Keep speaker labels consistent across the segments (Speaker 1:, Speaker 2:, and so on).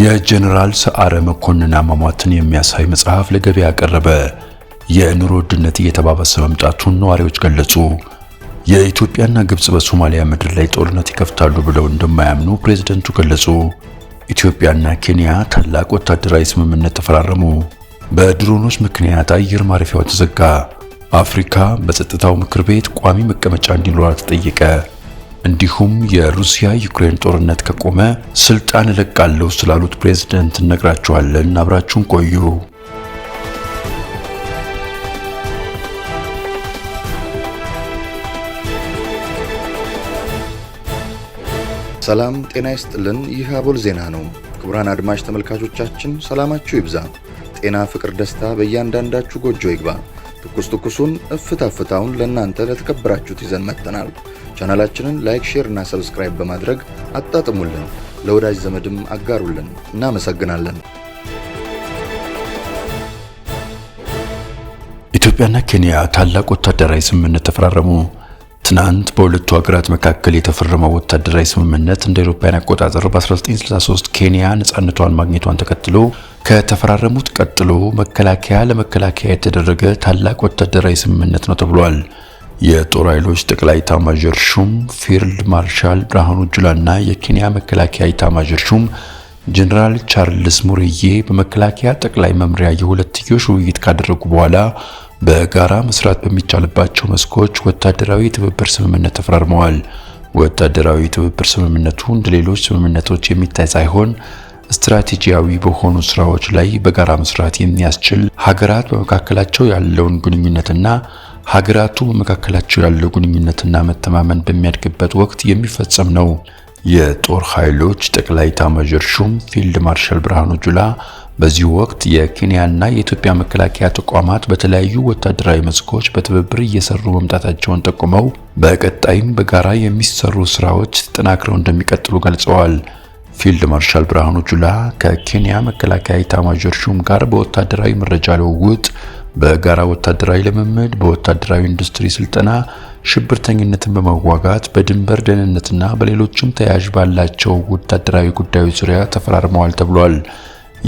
Speaker 1: የጀኔራል ሰዓረ መኮንን አሟሟትን የሚያሳይ መጽሐፍ ለገበያ ቀረበ። የኑሮ ውድነት እየተባባሰ መምጣቱን ነዋሪዎች ገለጹ። የኢትዮጵያና ግብጽ በሶማሊያ ምድር ላይ ጦርነት ይከፍታሉ ብለው እንደማያምኑ ፕሬዝደንቱ ገለጹ። ኢትዮጵያና ኬንያ ታላቅ ወታደራዊ ስምምነት ተፈራረሙ። በድሮኖች ምክንያት አየር ማረፊያው ተዘጋ። አፍሪካ በጸጥታው ምክር ቤት ቋሚ መቀመጫ እንዲኖራት ተጠየቀ። እንዲሁም የሩሲያ ዩክሬን ጦርነት ከቆመ ስልጣን እለቃለሁ ስላሉት ፕሬዝደንት እነግራችኋለን። አብራችሁን ቆዩ።
Speaker 2: ሰላም ጤና ይስጥልን። ይህ አቦል ዜና ነው። ክቡራን አድማጭ ተመልካቾቻችን ሰላማችሁ ይብዛ፣ ጤና፣ ፍቅር፣ ደስታ በእያንዳንዳችሁ ጎጆ ይግባ። ትኩስ ትኩሱን እፍታ ፍታውን ለእናንተ ለተከበራችሁት ይዘን መጥተናል። ቻናላችንን ላይክ፣ ሼር እና ሰብስክራይብ በማድረግ አጣጥሙልን፣ ለወዳጅ ዘመድም አጋሩልን። እናመሰግናለን።
Speaker 1: ኢትዮጵያና ኬንያ ታላቅ ወታደራዊ ስምምነት ተፈራረሙ። ትናንት በሁለቱ ሀገራት መካከል የተፈረመው ወታደራዊ ስምምነት እንደ አውሮፓውያን አቆጣጠር በ1963 ኬንያ ነፃነቷን ማግኘቷን ተከትሎ ከተፈራረሙት ቀጥሎ መከላከያ ለመከላከያ የተደረገ ታላቅ ወታደራዊ ስምምነት ነው ተብሏል። የጦር ኃይሎች ጠቅላይ ኤታማዦር ሹም ፊልድ ማርሻል ብርሃኑ ጁላ እና የኬንያ መከላከያ ኤታማዦር ሹም ጀነራል ቻርልስ ሙርዬ በመከላከያ ጠቅላይ መምሪያ የሁለትዮሽ ውይይት ካደረጉ በኋላ በጋራ መስራት በሚቻልባቸው መስኮች ወታደራዊ ትብብር ስምምነት ተፈራርመዋል። ወታደራዊ ትብብር ስምምነቱ እንደ ሌሎች ስምምነቶች የሚታይ ሳይሆን ስትራቴጂያዊ በሆኑ ስራዎች ላይ በጋራ መስራት የሚያስችል ሀገራት በመካከላቸው ያለውን ግንኙነትና ሀገራቱ በመካከላቸው ያለው ግንኙነትና መተማመን በሚያድግበት ወቅት የሚፈጸም ነው። የጦር ኃይሎች ጠቅላይ ኤታማዦር ሹም ፊልድ ማርሻል ብርሃኑ ጁላ በዚህ ወቅት የኬንያና የኢትዮጵያ መከላከያ ተቋማት በተለያዩ ወታደራዊ መስኮች በትብብር እየሰሩ መምጣታቸውን ጠቁመው በቀጣይም በጋራ የሚሰሩ ስራዎች ተጠናክረው እንደሚቀጥሉ ገልጸዋል። ፊልድ ማርሻል ብርሃኑ ጁላ ከኬንያ መከላከያ ኤታማዦር ሹም ጋር በወታደራዊ መረጃ ልውውጥ በጋራ ወታደራዊ ልምምድ፣ በወታደራዊ ኢንዱስትሪ ስልጠና፣ ሽብርተኝነትን በመዋጋት በድንበር ደህንነትና በሌሎችም ተያያዥ ባላቸው ወታደራዊ ጉዳዮች ዙሪያ ተፈራርመዋል ተብሏል።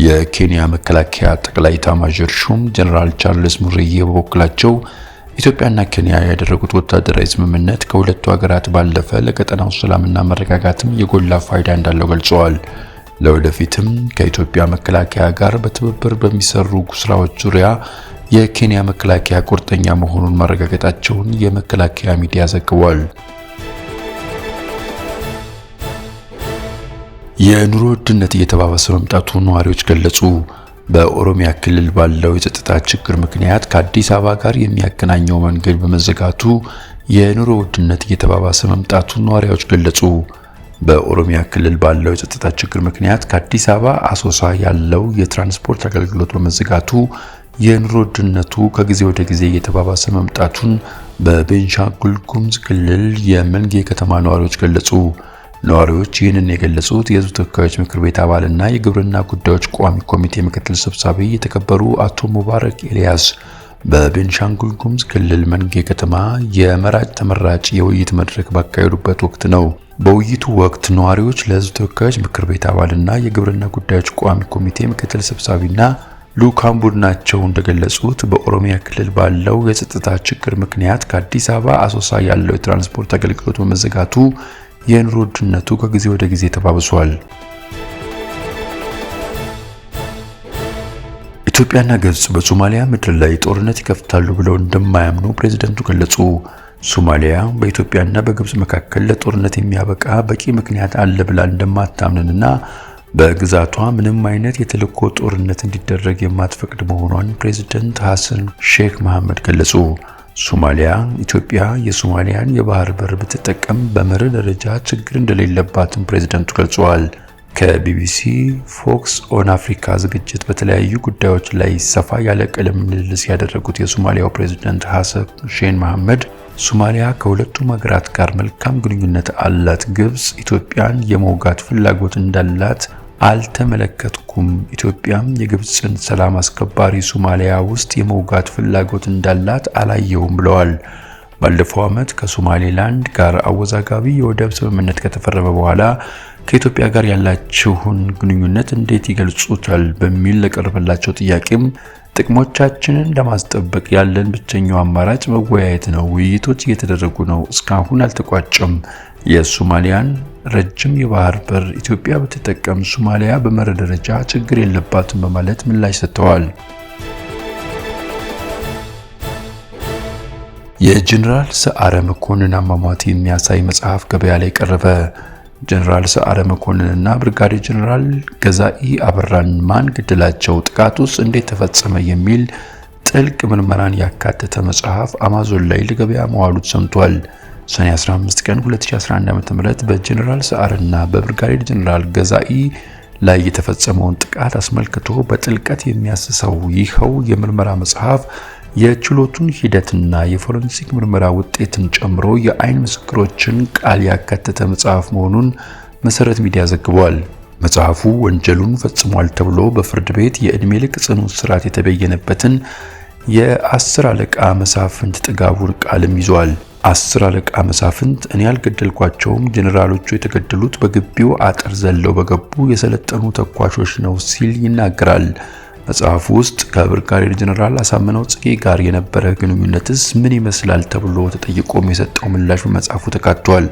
Speaker 1: የኬንያ መከላከያ ጠቅላይ ኤታማዦር ሹም ጀነራል ቻርልስ ሙርዬ በበኩላቸው ኢትዮጵያና ኬንያ ያደረጉት ወታደራዊ ስምምነት ከሁለቱ ሀገራት ባለፈ ለቀጠናው ሰላምና መረጋጋትም የጎላ ፋይዳ እንዳለው ገልጸዋል። ለወደፊትም ከኢትዮጵያ መከላከያ ጋር በትብብር በሚሰሩ ስራዎች ዙሪያ የኬንያ መከላከያ ቁርጠኛ መሆኑን ማረጋገጣቸውን የመከላከያ ሚዲያ ዘግቧል። የኑሮ ውድነት እየተባባሰ መምጣቱ ነዋሪዎች ገለጹ። በኦሮሚያ ክልል ባለው የጸጥታ ችግር ምክንያት ከአዲስ አበባ ጋር የሚያገናኘው መንገድ በመዘጋቱ የኑሮ ውድነት እየተባባሰ መምጣቱ ነዋሪዎች ገለጹ። በኦሮሚያ ክልል ባለው የጸጥታ ችግር ምክንያት ከአዲስ አበባ አሶሳ ያለው የትራንስፖርት አገልግሎት በመዘጋቱ የኑሮ ውድነቱ ከጊዜ ወደ ጊዜ እየተባባሰ መምጣቱን በቤንሻንጉል ጉሙዝ ክልል የመንጌ ከተማ ነዋሪዎች ገለጹ። ነዋሪዎች ይህንን የገለጹት የህዝብ ተወካዮች ምክር ቤት አባልና የግብርና ጉዳዮች ቋሚ ኮሚቴ ምክትል ሰብሳቢ የተከበሩ አቶ ሙባረክ ኤልያስ በቤንሻንጉል ጉሙዝ ክልል መንጌ ከተማ የመራጭ ተመራጭ የውይይት መድረክ ባካሄዱበት ወቅት ነው። በውይይቱ ወቅት ነዋሪዎች ለህዝብ ተወካዮች ምክር ቤት አባልና የግብርና ጉዳዮች ቋሚ ኮሚቴ ምክትል ሰብሳቢና ልዑካን ቡድናቸው እንደገለጹት በኦሮሚያ ክልል ባለው የጸጥታ ችግር ምክንያት ከአዲስ አበባ አሶሳ ያለው የትራንስፖርት አገልግሎት በመዘጋቱ የኑሮ ውድነቱ ከጊዜ ወደ ጊዜ ተባብሷል። ኢትዮጵያና ግብጽ በሶማሊያ ምድር ላይ ጦርነት ይከፍታሉ ብለው እንደማያምኑ ፕሬዝደንቱ ገለጹ። ሶማሊያ በኢትዮጵያና በግብጽ መካከል ለጦርነት የሚያበቃ በቂ ምክንያት አለ ብላ እንደማታምንና በግዛቷ ምንም አይነት የተልዕኮ ጦርነት እንዲደረግ የማትፈቅድ መሆኗን ፕሬዝዳንት ሐሰን ሼክ መሐመድ ገለጹ። ሶማሊያ ኢትዮጵያ የሶማሊያን የባህር በር ብትጠቀም በመርህ ደረጃ ችግር እንደሌለባትም ፕሬዝደንቱ ገልጸዋል። ከቢቢሲ ፎክስ ኦን አፍሪካ ዝግጅት በተለያዩ ጉዳዮች ላይ ሰፋ ያለ ቃለ ምልልስ ያደረጉት የሶማሊያው ፕሬዝዳንት ሐሰን ሼክ መሐመድ ሶማሊያ ከሁለቱም ሀገራት ጋር መልካም ግንኙነት አላት። ግብጽ ኢትዮጵያን የመውጋት ፍላጎት እንዳላት አልተመለከትኩም። ኢትዮጵያም የግብጽን ሰላም አስከባሪ ሶማሊያ ውስጥ የመውጋት ፍላጎት እንዳላት አላየውም ብለዋል። ባለፈው ዓመት ከሶማሌላንድ ጋር አወዛጋቢ የወደብ ስምምነት ከተፈረመ በኋላ ከኢትዮጵያ ጋር ያላችሁን ግንኙነት እንዴት ይገልጹታል በሚል ለቀረበላቸው ጥያቄም ጥቅሞቻችንን ለማስጠበቅ ያለን ብቸኛው አማራጭ መወያየት ነው። ውይይቶች እየተደረጉ ነው፣ እስካሁን አልተቋጨም። የሶማሊያን ረጅም የባህር በር ኢትዮጵያ ብትጠቀም ሶማሊያ በመርህ ደረጃ ችግር የለባትም በማለት ምላሽ ሰጥተዋል። የጄኔራል ሰዓረ መኮንን አሟሟት የሚያሳይ መጽሐፍ ገበያ ላይ ቀረበ። ጀነራል ሰዓረ መኮንንና ብርጋዴ ጀነራል ገዛኢ አበራን ማን ግድላቸው? ጥቃት ውስጥ እንዴት ተፈጸመ? የሚል ጥልቅ ምርመራን ያካተተ መጽሐፍ አማዞን ላይ ለገበያ መዋሉት ሰምቷል። ሰኔ 15 ቀን 2011 ዓ.ም በጀነራል ሰዓረና በብርጋዴር ጀነራል ገዛኢ ላይ የተፈጸመውን ጥቃት አስመልክቶ በጥልቀት የሚያስሰው ይኸው የምርመራ መጽሐፍ የችሎቱን ሂደትና የፎረንሲክ ምርመራ ውጤትን ጨምሮ የአይን ምስክሮችን ቃል ያካተተ መጽሐፍ መሆኑን መሰረት ሚዲያ ዘግቧል። መጽሐፉ ወንጀሉን ፈጽሟል ተብሎ በፍርድ ቤት የዕድሜ ልክ ጽኑ እስራት የተበየነበትን የአስር አለቃ መሳፍንት ጥጋቡን ቃልም ይዟል። አስር አለቃ መሳፍንት እኔ ያልገደልኳቸውም ጀኔራሎቹ የተገደሉት በግቢው አጥር ዘለው በገቡ የሰለጠኑ ተኳሾች ነው ሲል ይናገራል። መጽሐፉ ውስጥ ከብርጋዴር ጀነራል አሳምነው ጽጌ ጋር የነበረ ግንኙነትስ ምን ይመስላል ተብሎ ተጠይቆም የሰጠው ምላሽ በመጽሐፉ ተካቷል።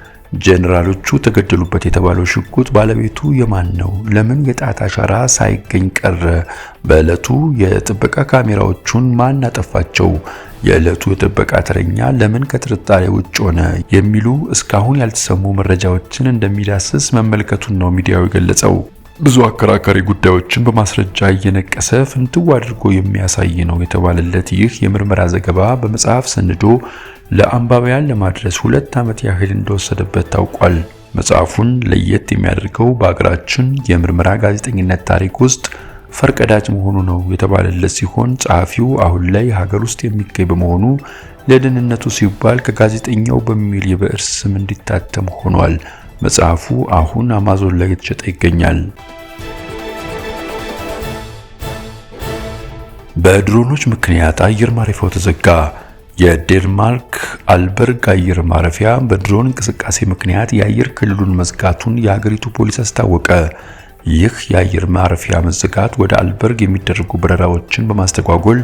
Speaker 1: ጀነራሎቹ ተገደሉበት የተባለው ሽጉጥ ባለቤቱ የማን ነው? ለምን የጣት አሻራ ሳይገኝ ቀረ? በዕለቱ የጥበቃ ካሜራዎቹን ማን አጠፋቸው? የዕለቱ የጥበቃ ተረኛ ለምን ከጥርጣሬ ውጭ ሆነ? የሚሉ እስካሁን ያልተሰሙ መረጃዎችን እንደሚዳስስ መመልከቱን ነው ሚዲያው የገለጸው። ብዙ አከራካሪ ጉዳዮችን በማስረጃ እየነቀሰ ፍንትው አድርጎ የሚያሳይ ነው የተባለለት ይህ የምርመራ ዘገባ በመጽሐፍ ሰንዶ ለአንባቢያን ለማድረስ ሁለት ዓመት ያህል እንደወሰደበት ታውቋል። መጽሐፉን ለየት የሚያደርገው በሀገራችን የምርመራ ጋዜጠኝነት ታሪክ ውስጥ ፈርቀዳጅ መሆኑ ነው የተባለለት ሲሆን ጸሐፊው አሁን ላይ ሀገር ውስጥ የሚገኝ በመሆኑ ለደህንነቱ ሲባል ከጋዜጠኛው በሚል የብዕር ስም እንዲታተም ሆኗል። መጽሐፉ አሁን አማዞን ላይ የተሸጠ ይገኛል። በድሮኖች ምክንያት አየር ማረፊያው ተዘጋ። የዴንማርክ አልበርግ አየር ማረፊያ በድሮን እንቅስቃሴ ምክንያት የአየር ክልሉን መዝጋቱን የሀገሪቱ ፖሊስ አስታወቀ። ይህ የአየር ማረፊያ መዘጋት ወደ አልበርግ የሚደረጉ በረራዎችን በማስተጓጎል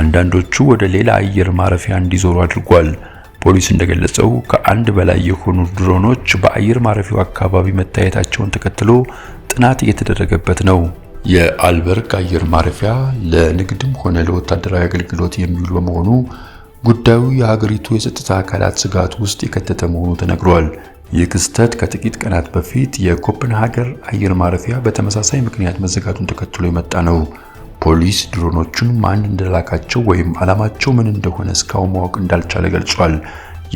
Speaker 1: አንዳንዶቹ ወደ ሌላ አየር ማረፊያ እንዲዞሩ አድርጓል። ፖሊስ እንደገለጸው ከአንድ በላይ የሆኑ ድሮኖች በአየር ማረፊያው አካባቢ መታየታቸውን ተከትሎ ጥናት እየተደረገበት ነው። የአልበርግ አየር ማረፊያ ለንግድም ሆነ ለወታደራዊ አገልግሎት የሚውል በመሆኑ ጉዳዩ የሀገሪቱ የጸጥታ አካላት ስጋት ውስጥ የከተተ መሆኑ ተነግሯል። ይህ ክስተት ከጥቂት ቀናት በፊት የኮፐንሃገር አየር ማረፊያ በተመሳሳይ ምክንያት መዘጋቱን ተከትሎ የመጣ ነው። ፖሊስ ድሮኖቹን ማን እንደላካቸው ወይም ዓላማቸው ምን እንደሆነ እስካሁን ማወቅ እንዳልቻለ ገልጿል።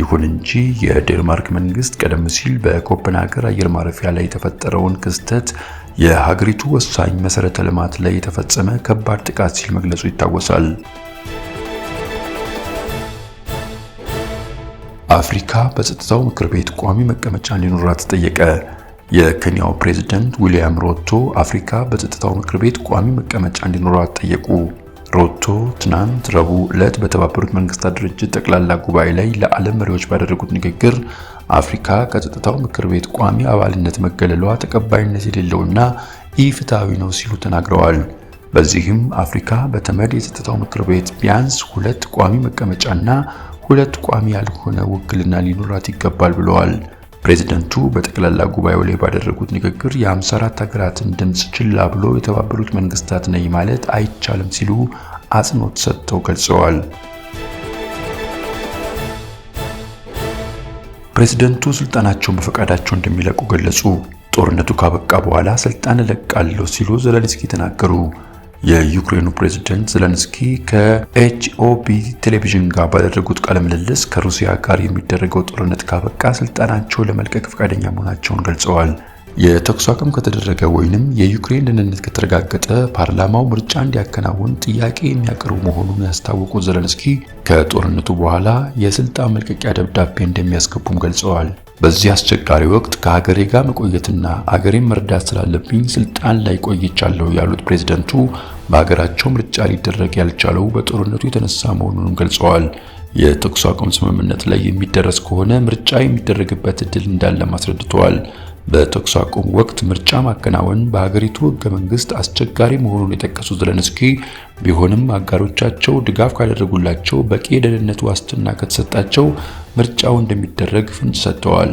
Speaker 1: ይሁን እንጂ የዴንማርክ መንግስት ቀደም ሲል በኮፐንሃገር አየር ማረፊያ ላይ የተፈጠረውን ክስተት የሀገሪቱ ወሳኝ መሰረተ ልማት ላይ የተፈጸመ ከባድ ጥቃት ሲል መግለጹ ይታወሳል። አፍሪካ በጸጥታው ምክር ቤት ቋሚ መቀመጫ እንዲኖራት ተጠየቀ። የኬንያው ፕሬዝዳንት ዊሊያም ሮቶ አፍሪካ በጸጥታው ምክር ቤት ቋሚ መቀመጫ እንዲኖራት ጠየቁ። ሮቶ ትናንት ረቡዕ ዕለት በተባበሩት መንግስታት ድርጅት ጠቅላላ ጉባኤ ላይ ለዓለም መሪዎች ባደረጉት ንግግር አፍሪካ ከጸጥታው ምክር ቤት ቋሚ አባልነት መገለሏ ተቀባይነት የሌለውና ኢፍትሐዊ ነው ሲሉ ተናግረዋል። በዚህም አፍሪካ በተመድ የጸጥታው ምክር ቤት ቢያንስ ሁለት ቋሚ መቀመጫና ሁለት ቋሚ ያልሆነ ውክልና ሊኖራት ይገባል ብለዋል። ፕሬዚደንቱ በጠቅላላ ጉባኤው ላይ ባደረጉት ንግግር የ54 ሀገራትን ድምፅ ችላ ብሎ የተባበሩት መንግስታት ነኝ ማለት አይቻልም ሲሉ አጽንኦት ሰጥተው ገልጸዋል። ፕሬዚደንቱ ስልጣናቸውን በፈቃዳቸው እንደሚለቁ ገለጹ። ጦርነቱ ካበቃ በኋላ ስልጣን እለቃለሁ ሲሉ ዘለንስኪ ተናገሩ። የዩክሬኑ ፕሬዝዳንት ዘለንስኪ ከኤችኦቢ ቴሌቪዥን ጋር ባደረጉት ቃለ ምልልስ ከሩሲያ ጋር የሚደረገው ጦርነት ካበቃ ስልጣናቸው ለመልቀቅ ፈቃደኛ መሆናቸውን ገልጸዋል። የተኩስ አቁም ከተደረገ ወይንም የዩክሬን ደህንነት ከተረጋገጠ ፓርላማው ምርጫ እንዲያከናውን ጥያቄ የሚያቀርቡ መሆኑን ያስታወቁት ዘለንስኪ ከጦርነቱ በኋላ የስልጣን መልቀቂያ ደብዳቤ እንደሚያስገቡም ገልጸዋል። በዚህ አስቸጋሪ ወቅት ከሀገሬ ጋር መቆየትና አገሬን መርዳት ስላለብኝ ስልጣን ላይ ቆይቻለሁ ያሉት ፕሬዝደንቱ በሀገራቸው ምርጫ ሊደረግ ያልቻለው በጦርነቱ የተነሳ መሆኑንም ገልጸዋል። የተኩስ አቁም ስምምነት ላይ የሚደረስ ከሆነ ምርጫ የሚደረግበት እድል እንዳለም አስረድተዋል። በተኩስ አቁም ወቅት ምርጫ ማከናወን በሀገሪቱ ህገ መንግስት አስቸጋሪ መሆኑን የጠቀሱት ዘለንስኪ ቢሆንም አጋሮቻቸው ድጋፍ ካደረጉላቸው በቂ የደህንነት ዋስትና ከተሰጣቸው ምርጫው እንደሚደረግ ፍንጭ ሰጥተዋል።